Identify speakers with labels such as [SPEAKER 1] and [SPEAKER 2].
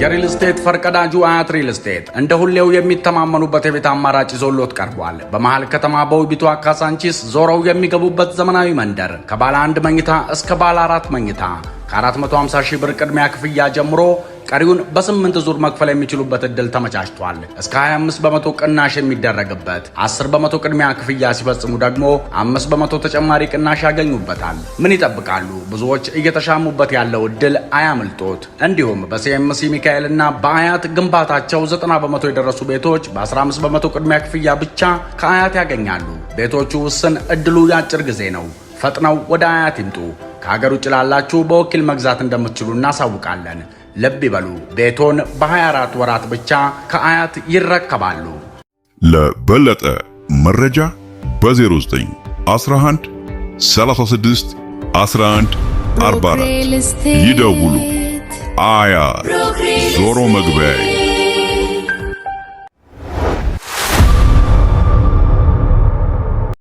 [SPEAKER 1] የሪል ስቴት ፈርቀዳጁ አያት ሪል ስቴት እንደ ሁሌው የሚተማመኑበት የቤት አማራጭ ይዞሎት ቀርቧል። በመሃል ከተማ በውቢቷ ካሳንቺስ ዞረው የሚገቡበት ዘመናዊ መንደር ከባለ አንድ መኝታ እስከ ባለ አራት መኝታ ከ450 ሺህ ብር ቅድሚያ ክፍያ ጀምሮ ቀሪውን በስምንት ዙር መክፈል የሚችሉበት እድል ተመቻችቷል። እስከ 25 በመቶ ቅናሽ የሚደረግበት 10 በመቶ ቅድሚያ ክፍያ ሲፈጽሙ ደግሞ 5 በመቶ ተጨማሪ ቅናሽ ያገኙበታል። ምን ይጠብቃሉ? ብዙዎች እየተሻሙበት ያለው እድል አያምልጦት። እንዲሁም በሲኤምሲ ሚካኤል እና በአያት ግንባታቸው 90 በመቶ የደረሱ ቤቶች በ15 በመቶ ቅድሚያ ክፍያ ብቻ ከአያት ያገኛሉ። ቤቶቹ ውስን፣ እድሉ የአጭር ጊዜ ነው። ፈጥነው ወደ አያት ይምጡ። ከሀገር ውጭ ላላችሁ በወኪል መግዛት እንደምትችሉ እናሳውቃለን። ልብ ይበሉ፣ ቤቶን በ24 ወራት ብቻ ከአያት ይረከባሉ።
[SPEAKER 2] ለበለጠ መረጃ በ09 11 36 11 44 ይደውሉ። አያት ዞሮ መግቢያ